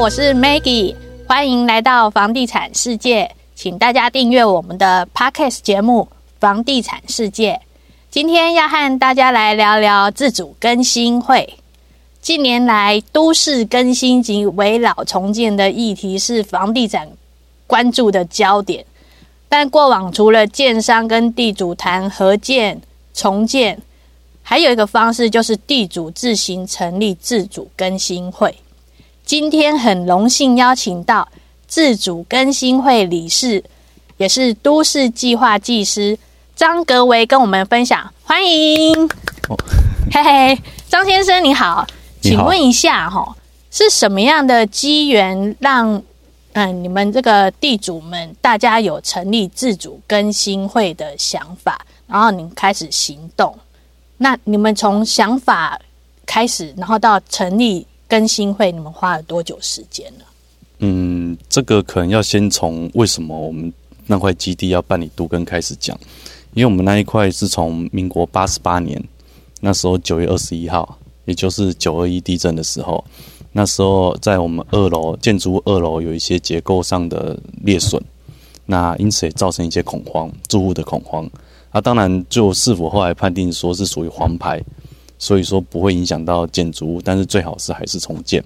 我是 Maggie，歡迎來到房地產世界，請大家訂閱我們的 Podcast 節目《房地產世界》。今天要和大家來聊聊自主更新會。近年來，都市更新及危老重建的議題是房地產關注的焦點，但過往除了建商跟地主談合建、重建，還有一個方式就是地主自行成立自主更新會。今天很榮幸邀請到自主更新會理事，也是都市計劃技師張格維跟我們分享，歡迎。嘿嘿，張先生你好，你好，請問一下哈，是什麼樣的機緣讓嗯、呃、你們這個地主們大家有成立自主更新會的想法，然後你開始行動？那你們從想法開始，然後到成立更新會，你們花了多久時間呢？嗯，這個可能要先從為什麼我們那塊基地要辦理都更開始講，因為我們那一塊是從民國八十八年，那時候九月二十一號，也就是九二一地震的時候，那時候在我們二樓建築物二樓有一些結構上的裂損，那因此也造成一些恐慌，住戶的恐慌。那、啊、當然就市府後來判定說是屬於黃牌。所以說不會影響到建築物，但是最好是還是重建。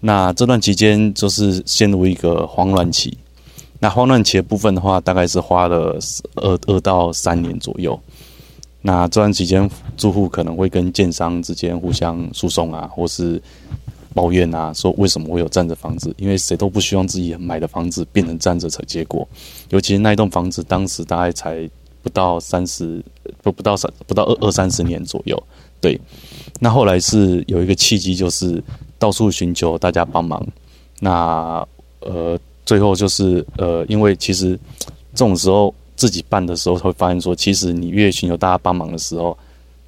那這段期間就是陷入一個慌亂期。那慌亂期的部分的話，大概是花了二二到三年左右。那這段期間，住戶可能會跟建商之間互相訴訟啊，或是抱怨啊，說為什麼會有這樣的房子？因為誰都不希望自己買的房子變成這樣子。才結果，尤其那一棟房子當時大概才不到三十，不不到三不到二二三十年左右。對，那後來是有一個契機，就是到處尋求大家幫忙。那呃，最後就是呃，因為其實這種時候自己辦的時候，會發現說，其實你越尋求大家幫忙的時候，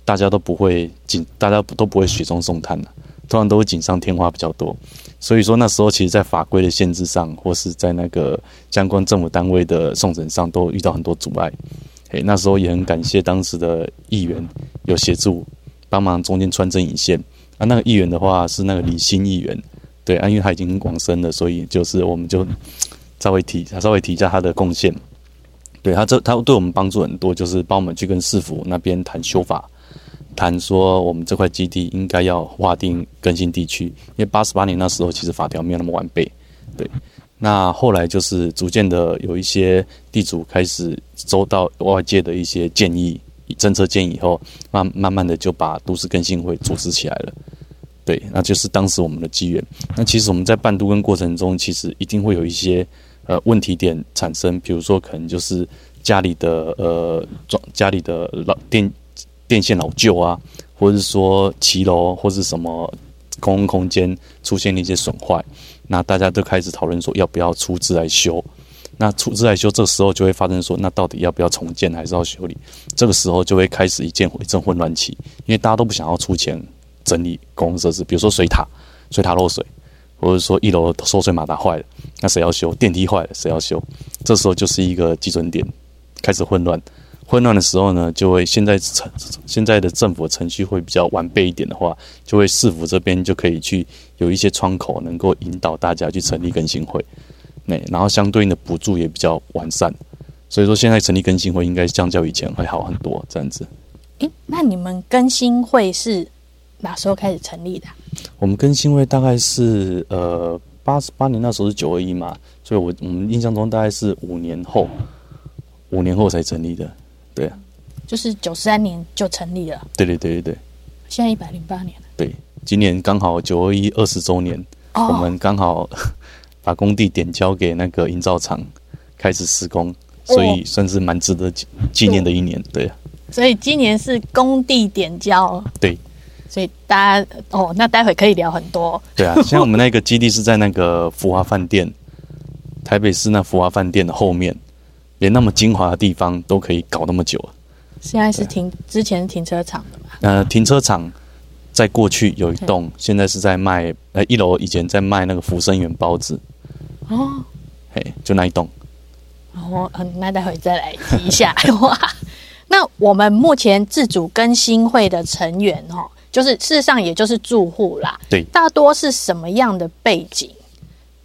大家都不會緊，大家都不會雪中送炭的，啊，通常都會錦上添花比較多。所以說那時候，其實在法規的限制上，或是在那個相關政府單位的送審上，都遇到很多阻礙。誒，那時候也很感謝當時的議員有協助。幫忙中間穿針引線啊，那個議員的話是那個李新議員，對，啊、因為他已經很往生了，所以就是我們就稍微提，稍微提一下他的貢獻。對他這他對我們幫助很多，就是幫我們去跟市府那邊談修法，談說我們這塊基地應該要劃定更新地區，因為八十八年那時候其實法條沒有那麼完備，對。那後來就是逐漸的有一些地主開始收到外界的一些建議。政策建議以後，慢慢慢的就把都市更新會組織起來了。對，那就是當時我們的機緣。那其實我們在辦都更過程中，其實一定會有一些呃問題點產生，比如說可能就是家裡的呃裝家裡的老電電線老舊啊，或者是說騎樓或者什麼公共空間出現了一些損壞，那大家都開始討論說要不要出資來修。那出資來修，這時候就會發生說，那到底要不要重建，還是要修理？這個時候就會開始一件回正混亂期，因為大家都不想要出錢整理公共設施，比如說水塔，水塔漏水，或者說一樓的抽水馬達壞了，那誰要修？電梯壞了，誰要修？這時候就是一個基準點，開始混亂。混亂的時候呢，就會現在成現在的政府程序會比較完備一點的話，就會市府這邊就可以去有一些窗口，能夠引導大家去成立更新會。嗯那然後相對應的補助也比較完善，所以說現在成立更新會應該相較以前會好很多這樣子。欸，那你們更新會是哪時候開始成立的啊？我們更新會大概是呃八十八年那時候是九二一嘛，所以我我們印象中大概是五年後，五年後才成立的。對啊，就是九三年就成立了。對對對對對。現在一百零八年了。對，今年剛好九二一二十周年，oh. 我們剛好。 把工地點交給那個營造廠，開始施工，哦、所以算是蠻值得紀念的一年，對啊。所以今年是工地點交，對。所以大家哦，那待會可以聊很多。對啊，像我們那個基地是在那個福華飯店， 台北市那福華飯店的後面，連那麼精華的地方都可以搞那麼久啊。現在是停、啊、之前是停車場的嘛？呃，停車場在過去有一棟，對現在是在賣，呃，一樓以前在賣那個福生園包子。哦，嘿，就那一棟。哦，嗯，那待會再來提一下。 哇，那我們目前自主更新會的成員哦，就是事實上也就是住戶啦。對，大多是什麼樣的背景？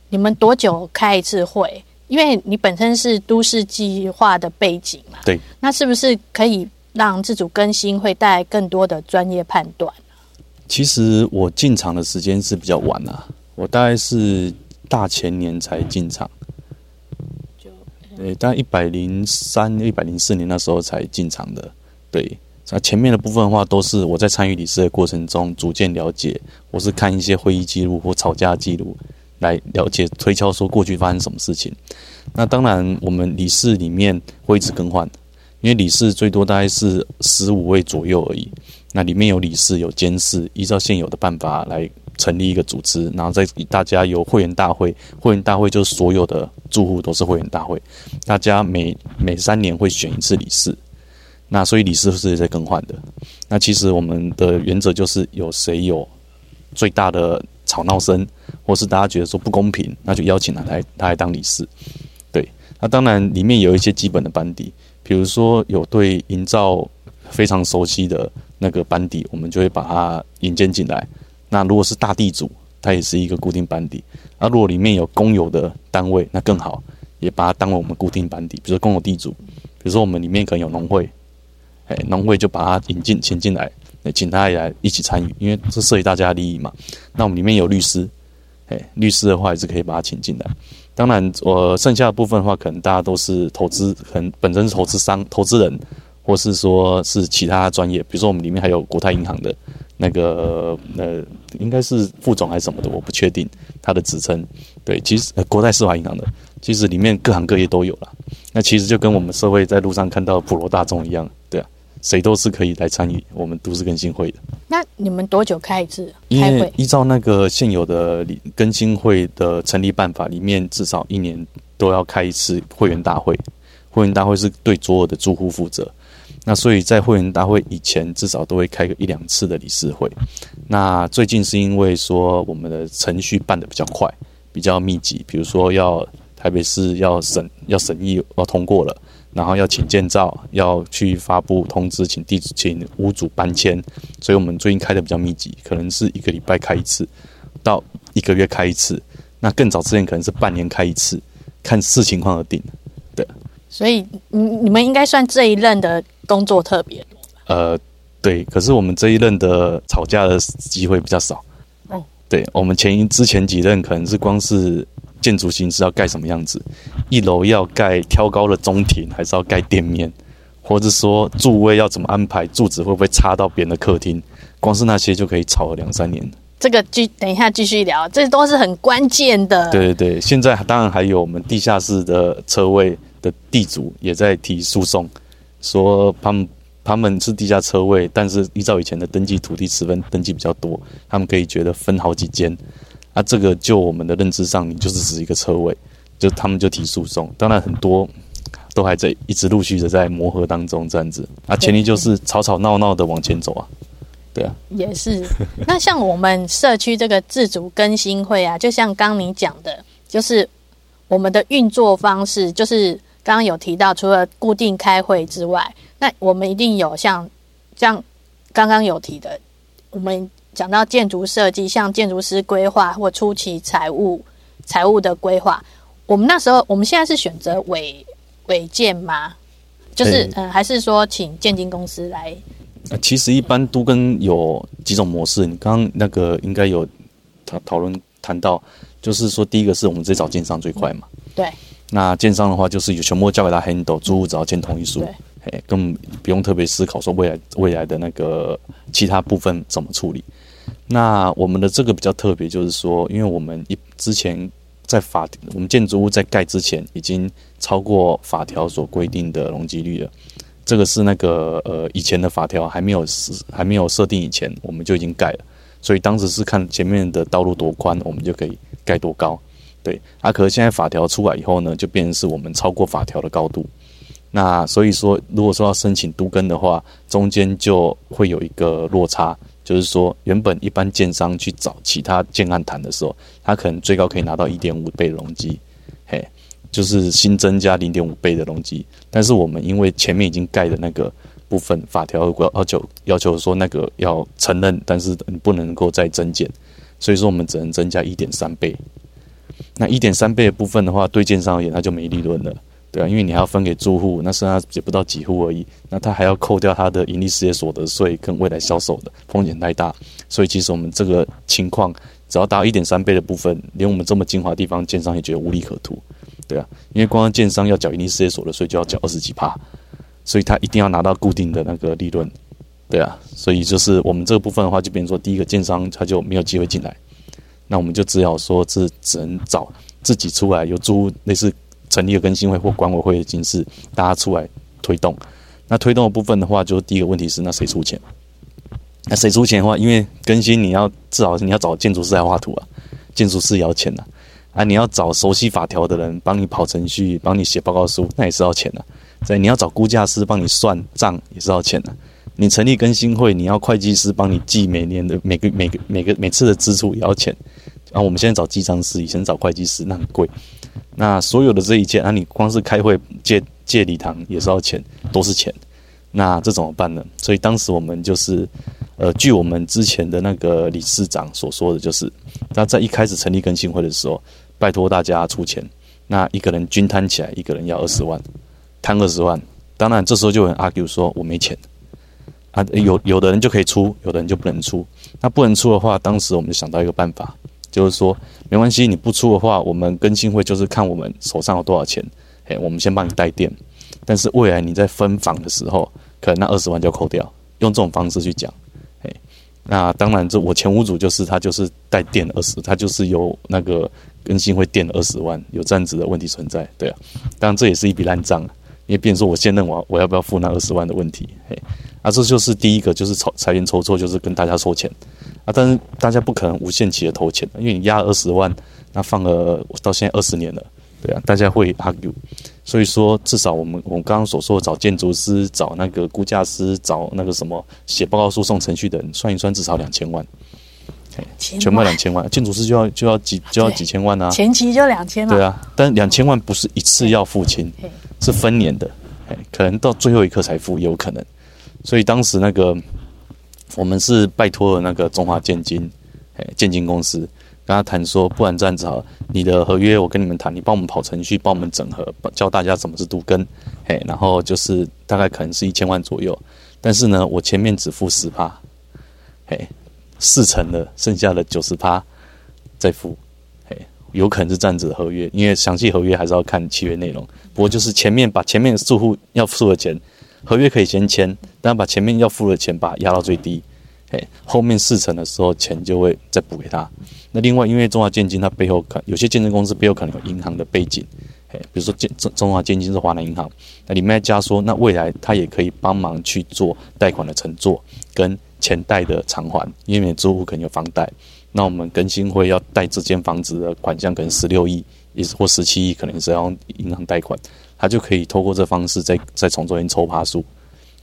你們多久開一次會？因為你本身是都市計劃的背景嘛。對。那是不是可以讓自主更新會帶來更多的專業判斷？其實我進場的時間是比較晚啦，啊，我大概是。大前年才進場，對，大概一百零三、一百零四年那時候才進場的，對。那前面的部分的話，都是我在參與理事的過程中逐漸了解，我是看一些會議記錄或吵架記錄來了解推敲說過去發生什麼事情。那當然，我們理事裡面會一直更換，因為理事最多大概是十五位左右而已。那裡面有理事，有監事，依照現有的辦法來成立一個組織，然後再大家有會員大會，會員大會就是所有的住戶都是會員大會，大家每每三年會選一次理事，那所以理事是也在更換的。那其實我們的原則就是有誰有最大的吵鬧聲，或是大家覺得說不公平，那就邀請他來，他來當理事。對，那當然裡面有一些基本的班底，比如說有對營造非常熟悉的。那個班底，我們就會把它引薦進來。那如果是大地主，他也是一個固定班底。那如果裡面有公有的單位，那更好，也把它當為我們固定班底。比如說公有地主，比如說我們裡面可能有農會，哎，農會就把它引進，請進來，請他也來一起參與，因為這涉及大家的利益嘛。那我們裡面有律師，哎，律師的話也是可以把他請進來。當然，我剩下的部分的話，可能大家都是投資，可能本身是投資商、投資人。或是說，是其他專業，比如說我們裡面還有國泰銀行的那個呃，應該是副總還是什麼的，我不確定他的職稱。對，其實，呃，國泰世華銀行的，其實裡面各行各業都有了。那其實就跟我們社會在路上看到普羅大眾一樣，對啊，誰都是可以來參與我們都市更新會的。那你們多久開一次？開會依照那個現有的更新會的成立辦法，裡面至少一年都要開一次會員大會。會員大會是對所有的住戶負責。那所以在會員大會以前，至少都會開個一兩次的理事會。那最近是因為說我們的程序辦的比較快，比較密集，比如說要台北市要審要審議要通過了，然後要請建造要去發布通知，請地主請屋主搬遷，所以我們最近開的比較密集，可能是一個禮拜開一次，到一個月開一次。那更早之前可能是半年開一次，看視情況而定。對，所以你你們應該算這一任的，工作特別多嗎，呃，對，可是我們這一任的吵架的機會比較少。嗯、對，我們前一之前幾任可能是光是建築形式要蓋什麼樣子，一樓要蓋挑高的中庭，還是要蓋店面，或者說柱位要怎麼安排，柱子會不會插到別人的客廳，光是那些就可以吵了兩三年。這個繼等一下繼續聊，這些都是很關鍵的。對對對，現在當然還有我們地下室的車位的地主也在提訴訟。說他們他們是地下車位，但是依照以前的登記土地持分登記比較多，他們可以覺得分好幾間。啊，這個就我們的認知上，你就是指一個車位，就他們就提訴訟。當然很多都還在一直陸續的在磨合當中，這樣子啊，前提就是吵吵鬧鬧鬧的往前走啊。對啊，也是。那像我們社區這個自主更新會啊，就像剛你講的，就是我們的運作方式就是。剛剛有提到，除了固定開會之外，那我們一定有像像剛剛有提的，我們講到建築設計，像建築師規劃或初期財務財務的規劃，我們那時候我們現在是選擇委委建嗎嘿就是嗯，還是說請建經公司來？其實一般都跟有幾種模式，嗯、你剛剛那個應該有討討論談到，就是說第一個是我們直接找建商最快嘛，嗯、對。那建商的話，就是有全部交給他 handle，租戶只要簽同意書，哎對，更不用特別思考說未來未來的那個其他部分怎麼處理。那我們的這個比較特別，就是說，因為我們一之前在法，我們建築物在蓋之前已經超過法條所規定的容積率了。這個是那個呃以前的法條還沒有還沒有設定以前，我們就已經蓋了，所以當時是看前面的道路多寬，我們就可以蓋多高。對啊，可是現在法條出來以後呢，就變成是我們超過法條的高度。那所以說，如果說要申請都更的話，中間就會有一個落差，就是說原本一般建商去找其他建案談的時候，他可能最高可以拿到一點五倍的容積，嘿，就是新增加零點五倍的容積。但是我們因為前面已經蓋的那個部分法條要要求要求說那個要承認，但是不能夠再增減，所以說我們只能增加一點三倍。1> 那一點三倍的部分的話，對建商而言，他就沒利潤了，對啊，因為你還要分給住戶，那剩下也不到幾戶而已，那他還要扣掉他的營利事業所得稅，跟未來銷售的風險太大，所以其實我們這個情況，只要達到一點三倍的部分，連我們這麼精華的地方，建商也覺得無利可圖，對啊，因為光建商要繳營利事業所得稅，就要繳二十幾趴，所以他一定要拿到固定的那個利潤，對啊，所以就是我們這個部分的話，就比如說第一個建商，他就沒有機會進來。那我們就只好說是只能找自己出來，有租類似成立個更新會或管委會的形式，大家出來推動。那推動的部分的話，就第一個問題是那誰出錢？那誰出錢的話，因為更新你要至少你要找建築師來畫圖啊，建築師也要錢的。啊，你要找熟悉法條的人幫你跑程序，幫你寫報告書，那也是要錢的。所以你要找估價師幫你算賬，也是要錢的。你成立更新會，你要會計師幫你記每年的每個每個每個每次的支出也要錢。啊，我們現在找記賬師，以前找會計師，那很貴。那所有的這一切，啊，你光是開會借借禮堂也是要錢，都是錢。那這怎麼辦呢？所以當時我們就是，呃，據我們之前的那個理事長所說的就是，他在一開始成立更新會的時候，拜托大家出錢。那一個人均攤起來，一個人要二十萬，攤二十萬，當然這時候就有人 argue 說：“我沒錢。”欸、有有的人就可以出，有的人就不能出。那不能出的話，當時我們就想到一個辦法，就是說沒關係，你不出的話，我們更新會就是看我們手上有多少錢，哎，我們先幫你代墊。但是未來你在分房的時候，可能那二十萬就扣掉。用這種方式去講，哎，那當然這我前五組就是他就是代墊二十，他就是有那個更新會墊二十萬，有這樣子的問題存在，對啊，當然這也是一筆爛賬、啊。也變成說，我先在我要我要不要付那二十萬的問題，嘿，啊，這就是第一個，就是財源抽搐，就是跟大家抽錢，啊，但是大家不可能無限期的投錢，因為你押了二十萬，那放了到現在二十年了，對啊，大家會 argue，所以說至少我們我剛剛所說找建築師、找那個估價師、找那個什麼寫報告訴訟程序的人，算一算至少兩千萬，全部兩千萬，建築師就要就要幾就要幾千萬啊，前期就兩千萬，對啊，但兩千萬不是一次要付清。是分年的，哎，可能到最後一刻才付，有可能。所以當時那個，我們是拜託了那個中華建經，哎，建經公司跟他談說，不然這樣子好，你的合約我跟你們談，你幫我們跑程序，幫我們整合，教大家怎麼是都更，哎，然後就是大概可能是一千萬左右，但是呢，我前面只付十趴，哎，四成的，剩下的九十趴再付。有可能是這樣子的合約，因為詳細合約還是要看契約內容。不過就是前面把前面的住戶要付的錢，合約可以先簽，但把前面要付的錢把它壓到最低，哎，後面事成的時候錢就會再補給他。那另外，因為中華建經它背後可有些建經公司背後可能有銀行的背景，哎，比如說中中華建經是華南銀行，那裡面加說那未來他也可以幫忙去做貸款的承做跟，錢貸的償還，因為有些住戶可能有房貸，那我們更新會要貸這間房子的款項，可能十六億，也是或十七億，可能是要用銀行貸款，他就可以透過這方式再再從這邊抽趴數，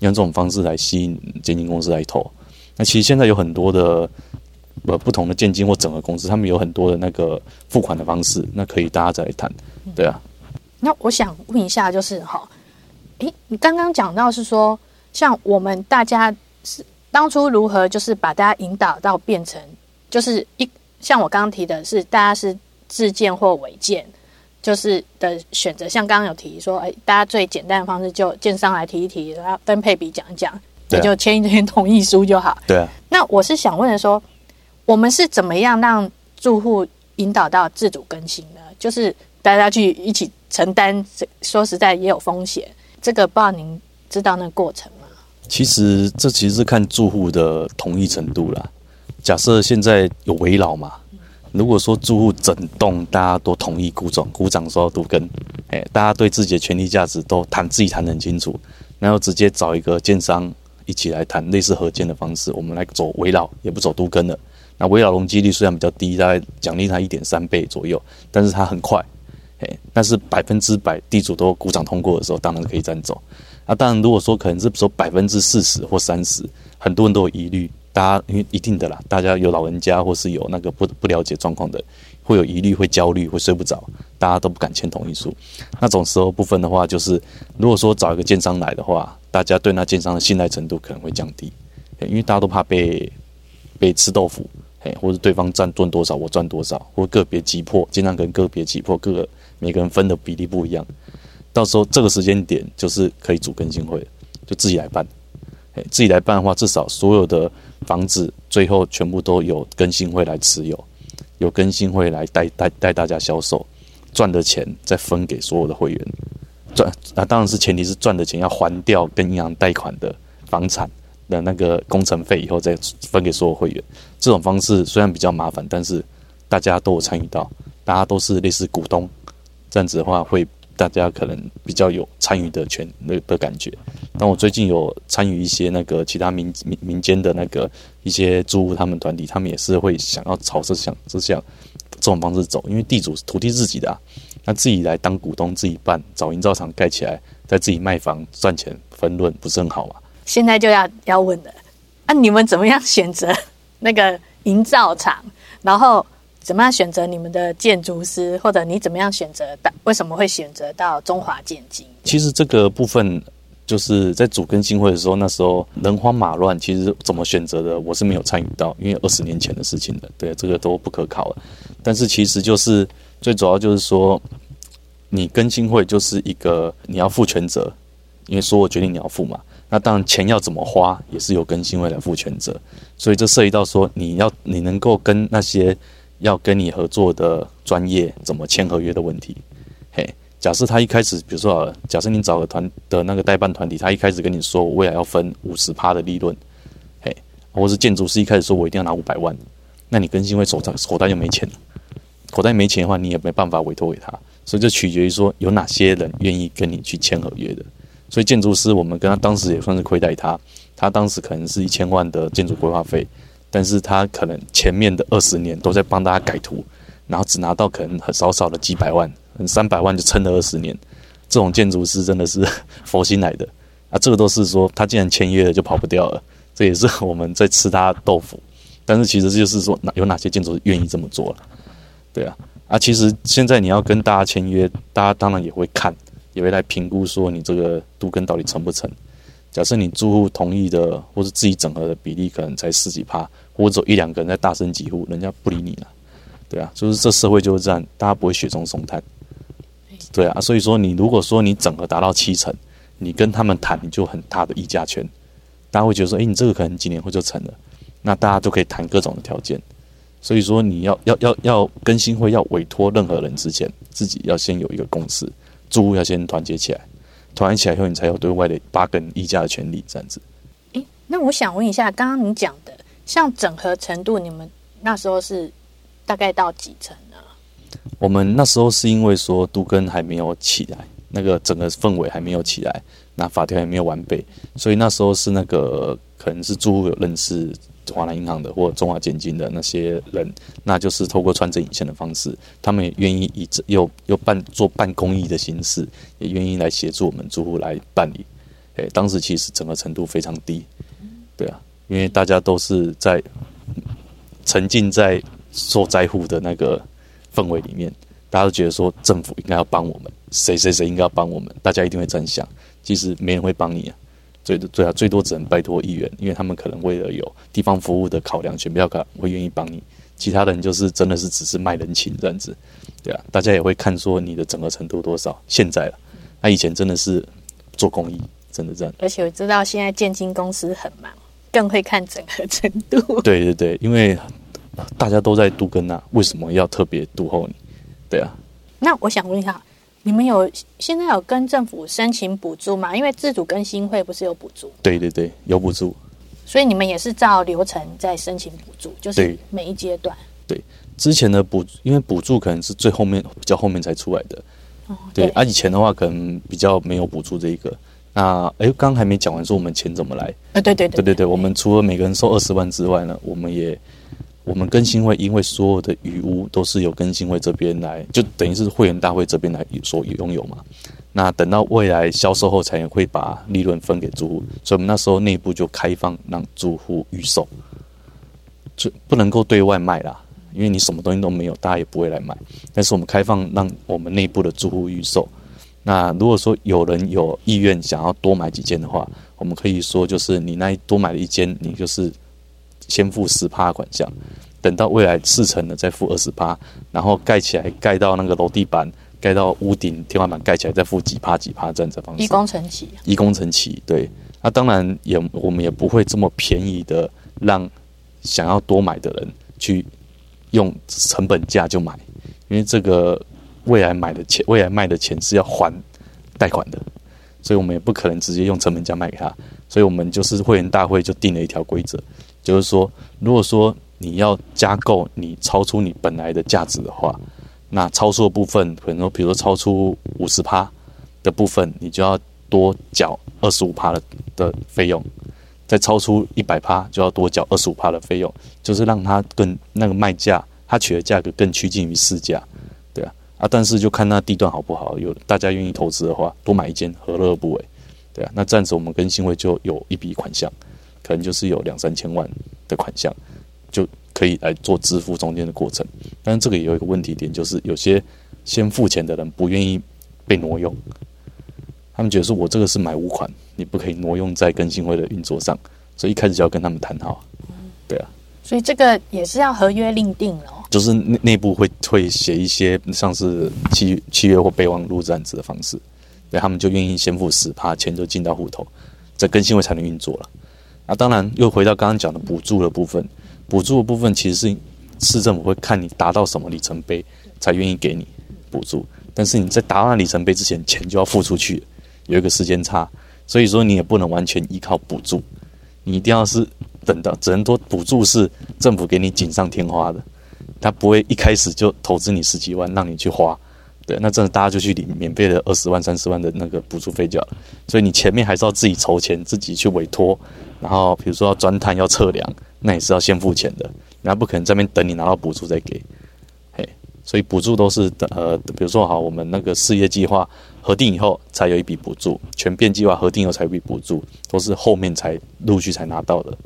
用這種方式來吸引建金公司來投。那其實現在有很多的呃不,不,不同的建金或整合公司，他們有很多的那個付款的方式，那可以大家再來談，對啊、嗯。那我想問一下，就是哈，哎、哦，你剛剛講到是說，像我們大家是。當初如何就是把大家引導到變成，就是一像我剛剛提的是大家是自建、或違建，就是的選擇。像剛剛有提說，哎，大家最簡單的方式就建商來提一提，然後分配比講一講，也就簽一簽同意書就好。對啊。那我是想問的說，我們是怎麼樣讓住戶引導到自主更新呢？就是大家去一起承擔，這說實在也有風險。這個不知道您知道那個過程。其實這其實是看住戶的同意程度啦。假設現在有危老嘛，如果說住戶整棟大家都同意鼓掌，鼓掌時候都更、哎，大家對自己的權利價值都談自己談得很清楚，然後直接找一個建商一起來談類似合建的方式，我們來走危老，也不走都更了。那危老容積率雖然比較低，大概獎勵它一點三倍左右，但是它很快、哎。但是百分之百地主都鼓掌通過的時候，當然可以這樣走。那、啊、當然，如果說可能是說百分之四十或三十，很多人都有疑慮，大家因為一定的啦，大家有老人家或是有那個不不了解狀況的，會有疑慮、會焦慮、會睡不着，大家都不敢簽同意書。那種時候部分的話，就是如果說找一個建商來的話，大家對那建商的信賴程度可能會降低，欸、因為大家都怕被被吃豆腐，欸、或者對方賺賺多少我賺多少，或個別急迫，經常跟個別急迫，各個每個人分的比例不一樣。到時候這個時間點就是可以組更新會，就自己來辦。哎，自己來辦的話，至少所有的房子最後全部都有更新會來持有，有更新會來帶帶帶大家銷售，賺的錢再分給所有的會員。賺那、啊、當然是前提是賺的錢要還掉跟銀行貸款的房產的那個工程費，以後再分給所有會員。這種方式雖然比較麻煩，但是大家都有參與到，大家都是類似股東，這樣子的話會。大家可能比較有參與的權的的感覺，那我最近有參與一些那個其他民民民間的那個一些租戶，他們團體，他們也是會想要朝試想是下這種方式走，因為地主是土地自己的啊，那自己來當股東自己辦，找營造廠蓋起來，再自己賣房賺錢分潤不是很好嗎？現在就要要問了，那、啊、你們怎麼樣選擇那個營造廠，然後？怎麼樣選擇你們的建築師，或者你怎麼樣選擇？為什麼會選擇到中華建經？其實這個部分就是在主更新會的時候，那時候人慌馬亂，其實怎麼選擇的，我是沒有參與到，因為二十年前的事情了，對這個都不可考了。但是其實就是最主要就是說，你更新會就是一個你要負全責，因為所有決定你要付嘛。那當然錢要怎麼花也是由更新會來負全責，所以這涉及到說你要你能夠跟那些。要跟你合作的專業怎麼簽合約的問題，嘿，假設他一開始，比如說，假設你找了團的那個代辦團體，他一開始跟你說我未來要分五十趴的利潤，嘿，或是建築師一開始說我一定要拿五百萬，那你更新會手上，口袋就沒錢了。口袋沒錢的話，你也沒辦法委托給他，所以就取決於說有哪些人願意跟你去簽合約的。所以建築師，我們跟他當時也算是虧待他，他當時可能是一千萬的建築規劃費。但是他可能前面的二十年都在幫大家改圖，然後只拿到可能很少少的幾百萬、三百萬就撐了二十年，這種建築師真的是佛心來的啊！這個都是說他既然簽約了就跑不掉了，這也是我們在吃他豆腐。但是其實就是說哪有哪些建築願意這麼做了，啊？對啊，啊，其實現在你要跟大家簽約，大家當然也會看，也會來評估說你這個都更到底成不成。假設你住戶同意的或是自己整合的比例可能才十幾趴，或者一兩個人在大聲疾呼，人家不理你了，對啊，就是這社會就是這樣，大家不會雪中送炭，對啊，所以說你如果說你整合達到七成，你跟他們談你就很大的議價權，大家會覺得說，哎，你這個可能幾年後就成了，那大家都可以談各種的條件。所以說你要要要要更新會要委托任何人之前，自己要先有一個共識，住戶要先團結起來，團結起來以後，你才有對外的八人議價的權利，這樣子。哎，那我想問一下，剛剛你講的。像整合程度，你們那時候是大概到幾層呢？我們那時候是因為說都更還沒有起來，那個整個氛圍還沒有起來，那法條還沒有完備，所以那時候是那個可能是住戶有認識華南銀行的或中華建金的那些人，那就是透過穿針引線的方式，他們也願意以又又辦做半公益的形式，也願意來協助我們住戶來辦理。誒、欸，當時其實整合程度非常低，嗯、對啊。因為大家都是在沉浸，在受災戶的那個氛圍裡面，大家都覺得說政府應該要幫我們，誰誰誰應該要幫我們，大家一定會這樣想。其實沒人會幫你啊，最最啊，最多只能拜托議員，因為他們可能為了有地方服務的考量，選票卡會願意幫你。其他人就是真的是只是賣人情這樣子，對啊，大家也會看說你的整合程度多少。現在了，那以前真的是做公益，真的這樣。而且我知道現在建經公司很忙。更會看整個程度。對對對，因為大家都在都更啊，為什麼要特別獨厚你？對啊。那我想問一下，你們有現在有跟政府申請補助嗎？因為自主更新會不是有補助？對對對，有補助。所以你們也是照流程在申請補助，就是每一階段。對，對，之前的補，因為補助可能是最後面比較後面才出來的。哦、對，而、啊、以前的話可能比較沒有補助這一個。那誒，剛還沒講完，說我們錢怎麼來？啊，對對對對對對，對對對我們除了每個人收二十萬之外呢，我們也我們更新會，因為所有的餘屋，都是由更新會這邊來，就等於是會員大會這邊來所擁有嘛。那等到未來銷售後，才也會把利潤分給住戶，所以我們那時候內部就開放讓住戶預售，就不能夠對外賣啦，因為你什麼東西都沒有，大家也不會來買。但是我們開放讓我們內部的住戶預售。那如果說有人有意願想要多買幾間的話，我們可以說就是你那多買了一間，你就是先付十趴款項，等到未來四成的再付二十趴，然後蓋起來蓋到那個樓地板、蓋到屋頂、天花板蓋起來再付幾趴幾趴，這樣子方式，一工程起、啊，一工程起，對。那當然也我們也不會這麼便宜的讓想要多買的人去用成本價就買，因為這個。未來買的錢，未來賣的錢是要還貸款的，所以我們也不可能直接用成本價賣給他。所以我們就是會員大會就定了一條規則，就是說，如果說你要加購，你超出你本來的價值的話，那超出的部分，可能說，比如說超出五十趴的部分，你就要多繳二十五趴的的費用；再超出一百趴就要多繳二十五趴的費用，就是讓它更那個賣價，它取的價格更趨近於市價。啊，但是就看那地段好不好，有大家願意投資的話，多買一間何樂而不為？對啊，那暫時我們更新會就有一筆款項，可能就是有兩三千萬的款項，就可以來做支付中間的過程。但是這個也有一個問題點，就是有些先付錢的人不願意被挪用，他們覺得說我這個是買屋款，你不可以挪用在更新會的運作上，所以一開始就要跟他們談好，對啊。所以這個也是要合約另定了。哦，就是內內部會會寫一些像是契契約或備忘錄這樣子的方式，所以他們就願意先付十趴錢就進到戶頭，再更新會才能運作了。那、啊、當然又回到剛剛講的補助的部分，補助的部分其實是市政府會看你達到什麼里程碑才願意給你補助，但是你在達到里程碑之前，錢就要付出去，有一個時間差，所以說你也不能完全依靠補助，你一定要是。等到只能說補助是政府給你錦上添花的，他不會一開始就投資你十幾萬讓你去花，對，那真的大家就去領免費的二十萬、三十萬的那個補助費就好了。所以你前面還是要自己籌錢，自己去委托，然後比如說要鑽探、要測量，那也是要先付錢的，那不可能在那邊等你拿到補助再給。嘿，所以補助都是等呃，比如說好，我們那個事業計劃核定以後才有一筆補助，權變計劃核定以後才有一筆補助，都是後面才陸續才拿到的。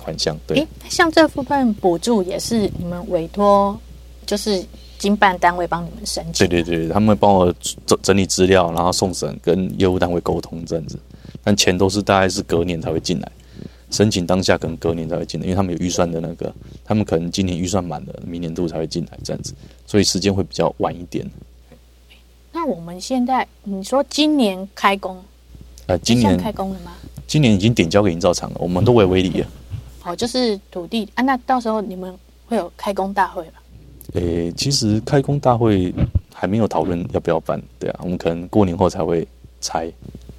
款項對，像這部分補助也是你們委托，就是經辦單位幫你們申請。對對對，對，他們會幫我整整理資料，然後送審，跟業務單位溝通這樣子。但錢都是大概是隔年才會進來，申請當下可能隔年才會進來，因為他們有預算的那個，他們可能今年預算滿了，明年度才會進來這樣子，所以時間會比較晚一點。那我們現在你說今年開工，呃，今年開工了嗎？今年已經點交給營造廠了，我們都會圍籬了。哦，就是土地啊，那到時候你們會有開工大會吧？誒、欸，其實開工大會還沒有討論要不要辦，對啊，我們可能過年後才會拆。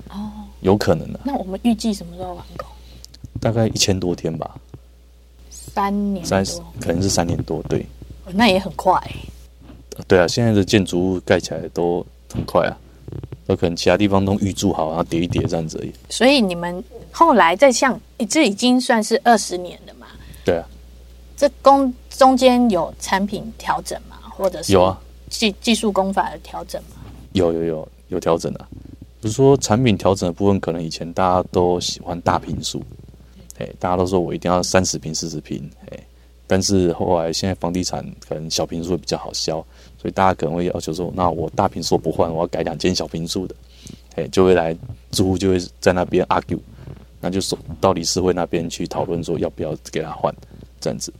哦，有可能的、啊。那我們預計什麼時候完工？大概一千多天吧。三年多。三十，可能是三年多，對。哦、那也很快、欸。對啊，現在的建築物蓋起來都很快啊，都可能其他地方都預鑄好，然後疊一疊這樣子而已。所以你們。後來再像，這已經算是二十年了嘛？對啊。這公中間有產品調整嘛？或者是有、啊、技技術工法的調整嘛？有有有有調整的、啊，比如說產品調整的部分，可能以前大家都喜歡大坪數，嗯，大家都說我一定要三十坪四十坪，但是後來現在房地產可能小坪數比較好銷，所以大家可能會要求說，那我大坪數我不換，我要改兩間小坪數的，就會來租戶就會在那邊 argue。那就說到理事會那邊去討論，說要不要給他換，這樣子。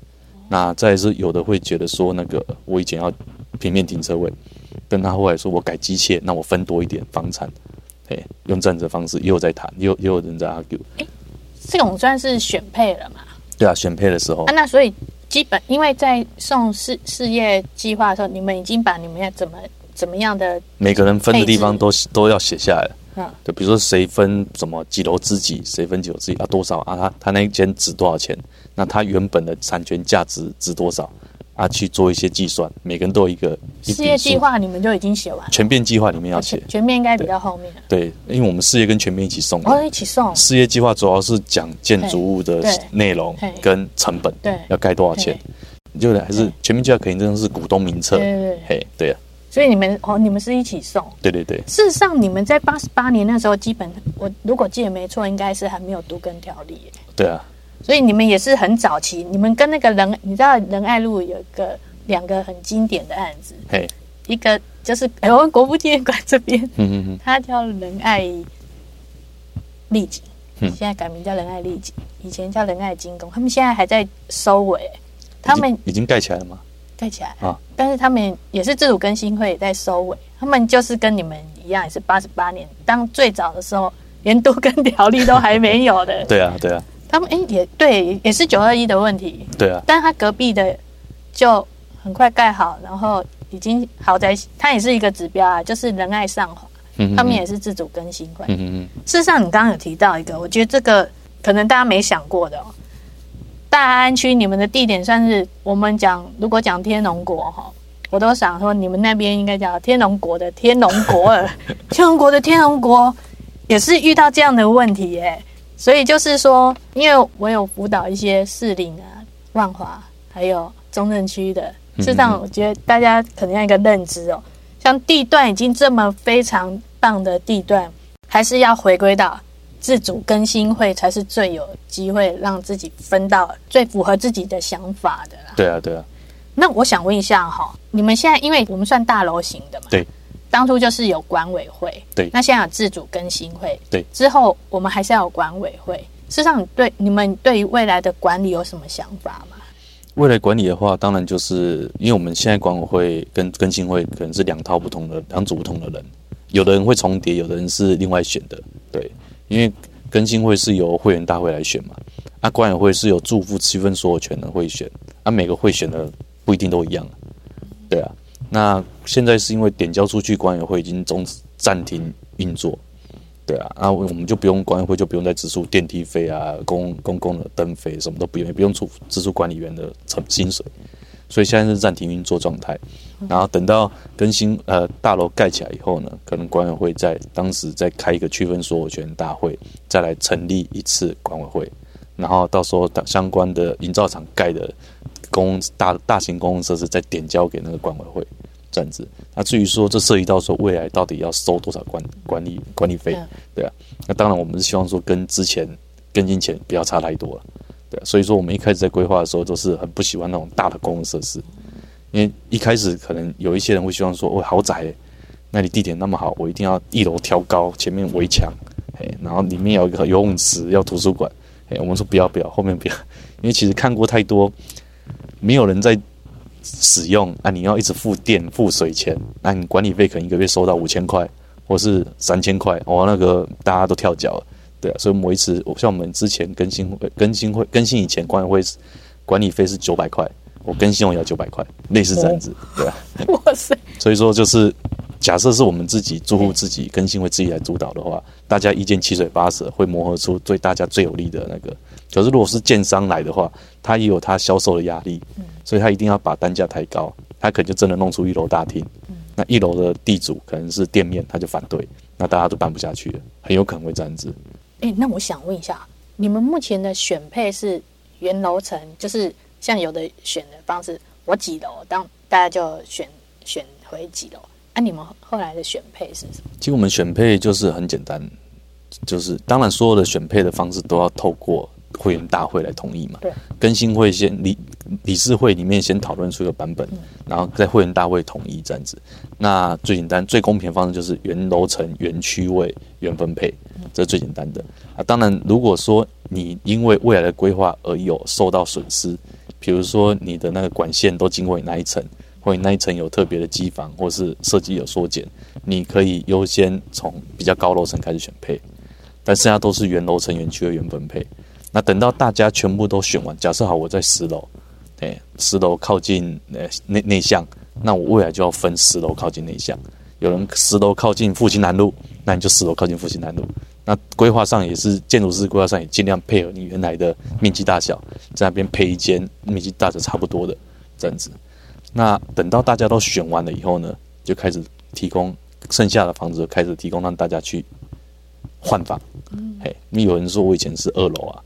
那再是有的會覺得說，那個我以前要平面停車位，跟他後來說我改機械，那我分多一點房產，哎、欸，用這樣子的方式又在談，又又有人在 argue。哎、欸，這種算是選配了嗎？對啊，選配的時候。啊，那所以基本因為在送事事業計劃的時候，你們已經把你們要怎麼怎麼樣的每個人分的地方都都要寫下來了。就、啊、比如說誰分什麼幾樓之幾，誰分幾樓之幾啊？多少啊？他他那一間值多少錢？那他原本的產權價值值多少？啊，去做一些計算，每個人都有一個一事業計劃，你們就已經寫完了全面計劃裡面要寫、啊、全面應該比較後面、啊、對，對，因為我們事業跟全面一起送，哦，一起送事業計劃主要是講建築物的內容跟成本，對，要蓋多少錢？你就還是全面計劃肯定真是股東名冊，嘿，對，對，對，對所以你們哦，你們是一起送。對對對。事實上，你們在八十八年那時候，基本我如果記得沒錯，應該是還沒有都更條例。對啊。所以你們也是很早期，你們跟那個仁，你知道仁愛路有個兩個很經典的案子。嘿一個就是、哎、我們國父紀念館這邊，嗯嗯嗯，他叫仁愛麗景，現在改名叫仁愛麗景，以前叫仁愛金宮，他們現在還在收尾，他們已經，已經蓋起來了嗎？蓋起來啊！但是他們也是自主更新會，也在收尾，他們就是跟你們一樣，也是八十八年當最早的時候，連都更條例都還沒有的。對啊，對啊。他們也對，也是九二一的問題。對啊，但他隔壁的就很快蓋好，然後已經豪宅，他也是一個指標啊，就是仁愛上華，他們也是自主更新會。事實上，你剛剛有提到一個，我覺得這個可能大家沒想過的喔。大安區，你們的地點算是我們講，如果講天龍國哈，我都想說你們那邊應該叫天龍國的天龍國二， 天龍國的天龍國也是遇到這樣的問題誒，所以就是說，因為我有輔導一些士林啊、萬華，還有中正區的，事實上我覺得大家可能要一個認知喔，像地段已經這麼非常棒的地段，還是要回歸到。自主更新會才是最有機會讓自己分到最符合自己的想法的啦。對啊，對啊。那我想問一下哈、哦，你們現在因為我們算大樓型的嘛，對，當初就是有管委會，對，那現在有自主更新會，對，之後我們還是要有管委會。對事實上對，對你們對於未來的管理有什麼想法嗎？未來管理的話，當然就是因為我們現在管委會跟更新會可能是兩套不同的兩組不同的人，有的人會重疊，有的人是另外選的，對。因為更新會是由會員大會來選嘛，啊，管委會是由住戶區分所有權的會選，啊，每個會選的不一定都一樣，對啊，那現在是因為點交出去，管委會已經終止暫停運作，對啊，那我們就不用管委會，就不用再支出電梯費啊，公公共的燈費什麼都不用，也不用出支出管理員的成薪水。所以現在是暫停運作狀態，然後等到更新呃大樓蓋起來以後呢，可能管委會在當時再開一個區分所有權大會，再來成立一次管委會，然後到時候相關的營造廠蓋的公大大型公共設施再點交給那個管委會這樣子。那，啊，至於說這涉及到說未來到底要收多少管管理管理費，對啊，那當然我們是希望說跟之前更新前不要差太多了。對，所以說我們一開始在規劃的時候都是很不喜歡那種大的公共設施，因為一開始可能有一些人會希望說，哦，豪宅，那你地點那麼好，我一定要一樓挑高，前面圍牆，哎，然後裡面有一個游泳池，要圖書館，哎，我們說不要不要，後面不要，因為其實看過太多，沒有人在使用，那、啊、你要一直付電付水錢，那、啊、你管理費可能一個月收到五千塊或是三千塊，哦，那個大家都跳腳了。對啊，所以某一次，我像我們之前更新、更新會、更新以前管委會，管理費是九百塊，我更新我也要九百塊，對類似這樣子，對。哇塞！所以說就是，假設是我們自己住戶自己更新會自己來主導的話，Okay. 大家意見七嘴八舌，會磨合出對大家最有利的那個。可是如果是建商來的話，他也有他銷售的壓力，所以他一定要把單價抬高，他可能就真的弄出一樓大廳。嗯，那一樓的地主可能是店面，他就反對，那大家都搬不下去了，很有可能會這樣子。哎，那我想問一下，你們目前的選配是原樓層，就是像有的選的方式，我幾樓，當大家就選選回幾樓？那、啊、你們後來的選配是什麼？其實我們選配就是很簡單，就是當然所有的選配的方式都要透過會員大會來同意嘛，更新會先理理事會裡面先討論出一個版本，然後在會員大會同意這樣子。那最簡單、最公平的方式就是原樓層、原區位、原分配，這是最簡單的啊。當然，如果說你因為未來的規劃而有受到損失，比如說你的那個管線都經過你那一層，或者那一層有特別的機房，或是設計有縮減，你可以優先從比較高樓層開始選配，但剩下都是原樓層、原區位、原分配。那等到大家全部都選完，假設好我在十樓，哎、欸，十樓靠近呃內內巷，那我未來就要分十樓靠近內巷，有人十樓靠近復興南路，那你就十樓靠近復興南路。那規劃上也是，建築師規劃上也盡量配合你原來的面積大小，在那邊配一間面積大小差不多的這樣子。那等到大家都選完了以後呢，就開始提供剩下的房子，開始提供讓大家去換房。嘿、欸，你有人說我以前是二樓啊。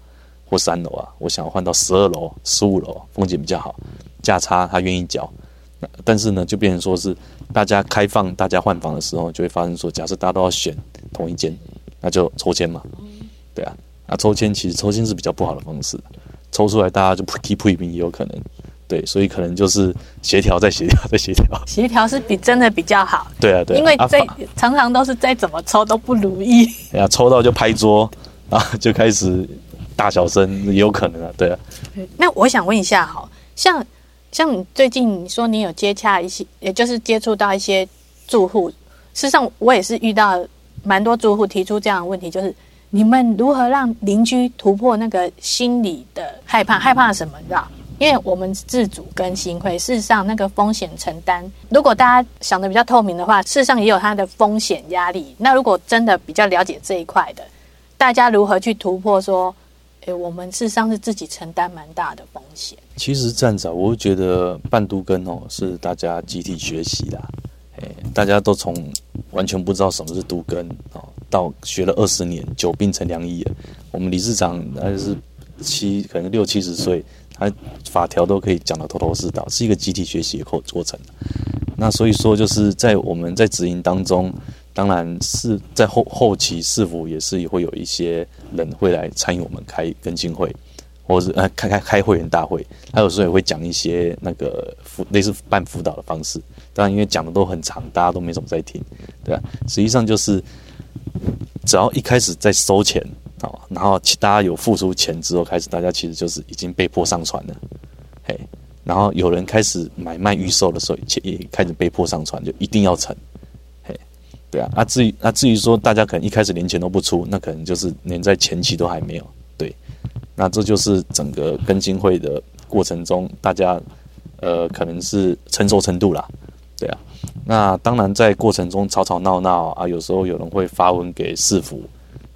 或三樓啊，我想要換到十二樓、十五樓，風景比較好，價差他願意繳。但是呢，就變成說是大家開放大家換房的時候，就會發生說，假設大家都要選同一間，那就抽籤嘛。對啊，那抽籤其實抽籤是比較不好的方式，抽出來大家就不一不一平也有可能。對，所以可能就是協調再協調再協調，協調是比真的比較好。對啊，對啊，對啊、因為這、啊、常常都是再怎麼抽都不如意。啊，抽到就拍桌啊，然後就開始。大小聲也有可能啊，對啊。那我想問一下、喔，好像像你最近說你有接洽一些，也就是接觸到一些住戶。事實上，我也是遇到蠻多住戶提出這樣的問題，就是你們如何讓鄰居突破那個心理的害怕？害怕什麼？你知道？因為我們自主更新會，事實上那個風險承擔，如果大家想得比較透明的話，事實上也有它的風險壓力。那如果真的比較了解這一塊的，大家如何去突破？說欸、我們事實上是自己承擔蠻大的風險。其實站長，我覺得辦都更哦，是大家集體學習的，啊。大家都從完全不知道什麼是都更，哦，到學了二十年，久病成良醫。我們理事長他就是七，可能六七十歲，他法條都可以講得頭頭是道，是一個集體學習的過程。那所以說，就是在我們在執行當中。當然是在後後期，是否也是會有一些人會來參與我們開更新會，或者是呃開開開會員大會，他有時候也會講一些那個輔類似辦輔導的方式。當然，因為講的都很長，大家都沒什麼在聽，對吧？實際上就是，只要一開始在收錢，好、哦，然後大家有付出錢之後開始，大家其實就是已經被迫上船了，嘿，然後有人開始買賣預售的時候，也開始被迫上船，就一定要成。對啊，那、啊、至於那、啊、至於說大家可能一開始連錢都不出，那可能就是連在前期都還沒有。對，那這就是整個更新會的過程中，大家呃可能是成熟程度啦。對啊，那當然在過程中吵吵鬧鬧啊，有時候有人會發文給市府，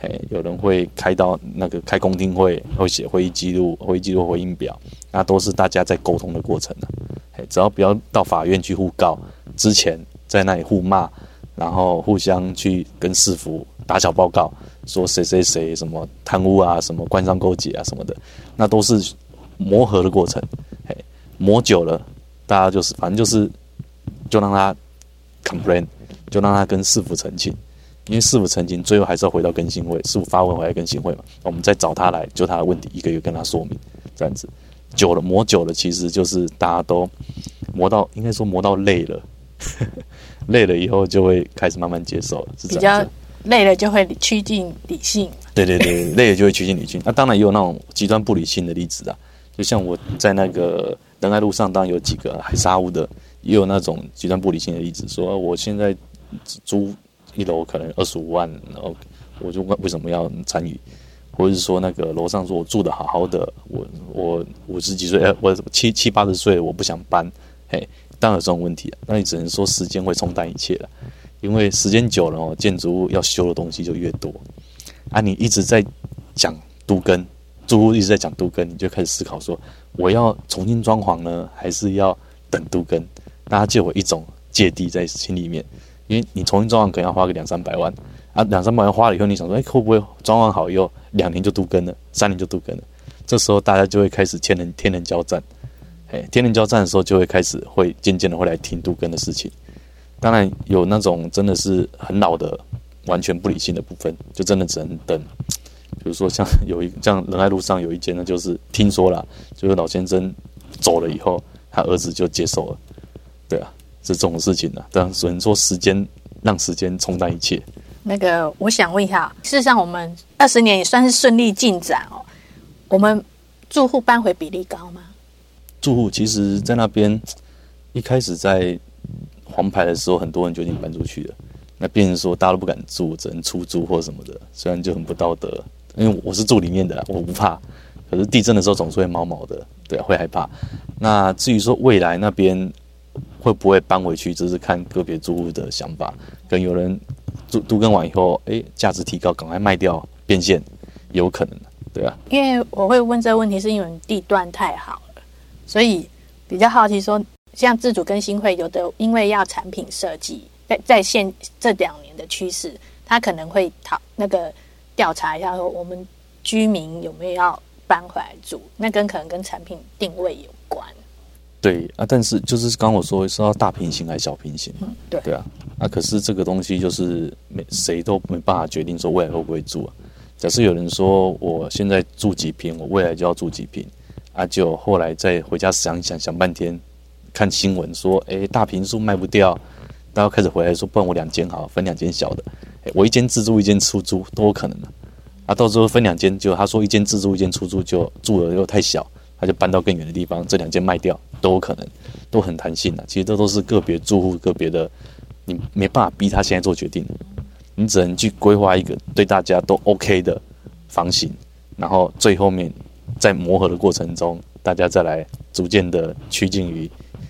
哎，有人會開到那個開公聽會，會寫會議記錄、會議記錄回應表，那都是大家在溝通的過程呢。哎，只要不要到法院去互告，之前在那裡互罵。然後互相去跟市府打小報告，說誰誰誰什麼貪污啊，什麼官商勾結啊什麼的，那都是磨合的過程。嘿，磨久了，大家就是反正就是就讓他 complain，就讓他跟市府澄清。因為市府澄清，最後還是要回到更新會，市府發文回來更新會嘛。我們再找他來，就他的問題，一個一個跟他說明，這樣子久了磨久了，其實就是大家都磨到，應該說磨到累了。 累了以後就會開始慢慢接受了，比較累了就會趨近理性。對對對，累了就會趨近理性。那、 啊、當然也有那種極端不理性的例子啊，就像我在那個仁愛路上，當然有幾個海沙屋的，也有那種極端不理性的例子，說我現在只租一樓可能二十五萬，然後我就問為什麼要參與，或者是說那個樓上說我住得好好的，我我五十幾歲，我七七八十歲，我不想搬，嘿當然有這種問題，啊、那你只能說時間會沖淡一切了，因為時間久了，哦、建築物要修的東西就越多啊。你一直在講都更，住戶一直在講都更，你就開始思考說，我要重新裝潢呢，還是要等都更？大家就有一種芥蒂在心裡面，因為你重新裝潢可能要花個兩三百萬啊，兩三百萬花了以後，你想說，哎、欸，會不會裝潢好以後兩年就都更了，三年就都更了？這時候大家就會開始天人天人交戰。誒、哎，天人交戰的時候，就會開始，會漸漸的會來聽都更的事情。當然有那種真的是很老的，完全不理性的部分，就真的只能等。比如說像有一像仁愛路上有一間呢，就是聽說了，就是老先生走了以後，他兒子就接受了。對啊，是這種事情呢、啊。當然，只能說時間讓時間沖淡一切。那個，我想問一下，事實上我們二十年也算是順利進展哦。我們住戶搬回比例高嗎？住戶其實，在那邊一開始在黃牌的時候，很多人決定搬出去的，那變成說，大家都不敢住，只能出租或什麼的。雖然就很不道德，因為我是住裡面的，我不怕。可是地震的時候總是會毛毛的，對啊，會害怕。那至於說未來那邊會不會搬回去，這是看個別住戶的想法。可能有人住都更完以後，哎、欸，價值提高，趕快賣掉變現，有可能，對啊。因為我會問這個問題，是因為地段太好。所以比較好奇，說像自主更新會有的，因為要產品設計，在在現這兩年的趨勢，它可能會討那個調查一下，說我們居民有沒有要搬回來住？那跟可能跟產品定位有關對。對啊，但是就是剛我說說到大坪型還是小坪型，嗯、對，對啊，啊可是這個東西就是沒誰都沒辦法決定說未來會不會住啊。假設有人說我現在住幾坪，我未來就要住幾坪。那、啊、就後來再回家想想想半天，看新聞說，誒、欸，大坪數賣不掉，然後開始回來說，幫我兩間好，分兩間小的，欸、我一間自住，一間出租都有可能的、啊。啊，到時候分兩間，就他說一間自住，一間出租就住的又太小，他就搬到更遠的地方，這兩間賣掉都有可能，都很彈性、啊、其實這都，都是個別住戶個別的，你沒辦法逼他現在做決定，你只能去規劃一個對大家都 OK 的房型，然後最後面，在磨合的過程中，大家再來逐漸的趨近於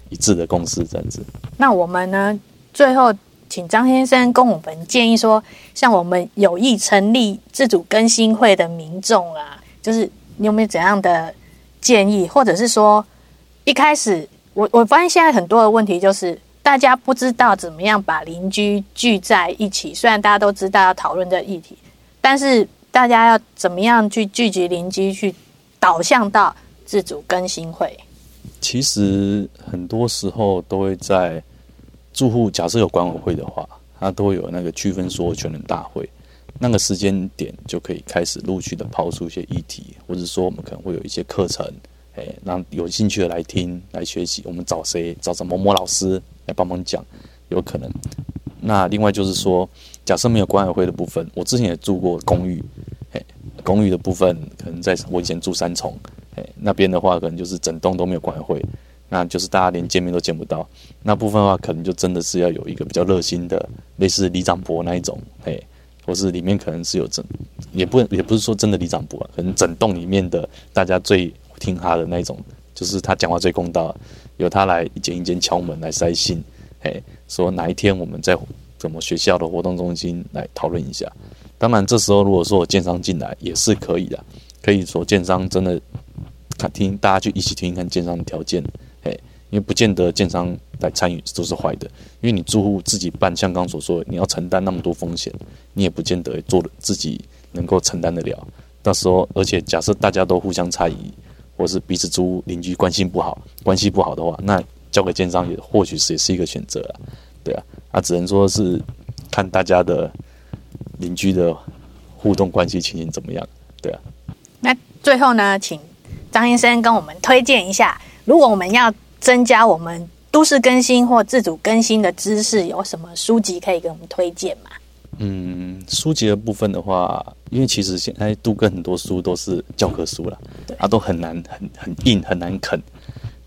一致的共識，這樣子。那我們呢？最後，請張先生跟我們建議說，像我們有意成立自主更新會的民眾啊，就是你有沒有怎樣的建議，或者是說，一開始我我發現現在很多的問題就是，大家不知道怎麼樣把鄰居聚在一起。雖然大家都知道要討論這個議題，但是大家要怎麼樣去聚集鄰居去？導向到自主更新會，其實很多時候都會在住戶假設有管委會的話，它都會有那個區分所有權人大會那個時間點就可以開始陸續的拋出一些議題，或者說我們可能會有一些課程，誒，讓有興趣的來聽來學習。我們找誰？找找某某老師來幫忙講，有可能。那另外就是說，假設沒有管委會的部分，我之前也住過公寓。公寓的部分可能在我以前住三重，哎，那邊的話可能就是整棟都沒有管委會，那就是大家連見面都見不到。那部分的話，可能就真的是要有一個比較熱心的，類似里長伯那一種，哎，或是裡面可能是有整，也不也不是說真的里長伯，可能整棟裡面的大家最聽他的那一種，就是他講話最公道，由他來一間一間敲門來塞信，哎，說哪一天我們在什麼學校的活動中心來討論一下。當然，這時候如果說我建商進來也是可以的，可以說建商真的，看、啊、聽大家去一起聽聽看建商的條件，哎，因為不見得建商來參與都是壞的，因為你住戶自己辦，像剛所說，你要承擔那麼多風險，你也不見得做了自己能夠承擔得了。到時候，而且假設大家都互相猜疑，或是彼此租屋，鄰居關係不好，關係不好的話，那交給建商也或許是也是一個選擇。對啊，啊，只能說是看大家的。鄰居的互動關係情形怎麼樣？對啊，那最後呢，請張先生跟我們推薦一下，如果我們要增加我們都市更新或自主更新的知識，有什麼書籍可以給我們推薦嗎？嗯，書籍的部分的話，因為其實現在都更很多書都是教科書了，啊對，都很難、很、很硬、很難啃。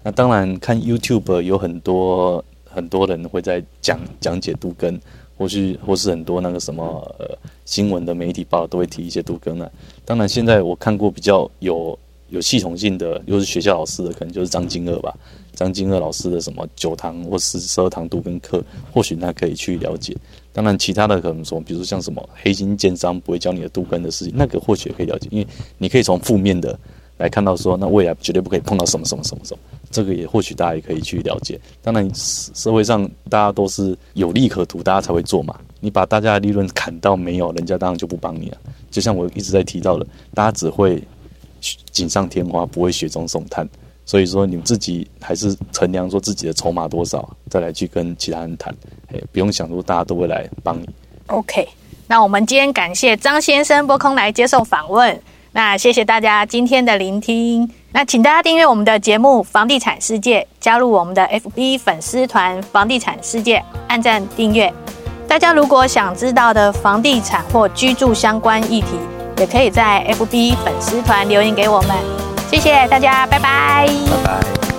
那當然，看 YouTube 有很多很多人會在講講解都更。或許或是很多那個什麼，呃、新聞的媒體報道都會提一些都更的、啊，當然現在我看過比較有有系統性的，又是學校老師的，可能就是張金鶚吧，張金鶚老師的什麼九堂或十十二堂都更課，或許他可以去了解。當然其他的可能說，比如像什麼黑心奸商不會教你的都更的事情，那個或許也可以了解，因為你可以從負面的來看到說，那未來絕對不可以碰到什麼什麼什麼什麼。這個也或許大家也可以去了解。當然，社會上大家都是有利可圖，大家才會做嘛。你把大家的利潤砍到沒有，人家當然就不幫你了。就像我一直在提到的，大家只會錦上添花，不會雪中送炭。所以說，你們自己還是衡量說自己的籌碼多少，再來去跟其他人談。哎，不用想說大家都會來幫你。OK，那我們今天感謝張先生撥空來接受訪問。那謝謝大家今天的聆聽。那請大家訂閱我們的節目《房地產世界》，加入我們的 FB 粉絲團《房地產世界》，按讚訂閱。大家如果想知道的房地產或居住相關議題，也可以在 FB 粉絲團留言給我們。謝謝大家，拜拜。拜拜。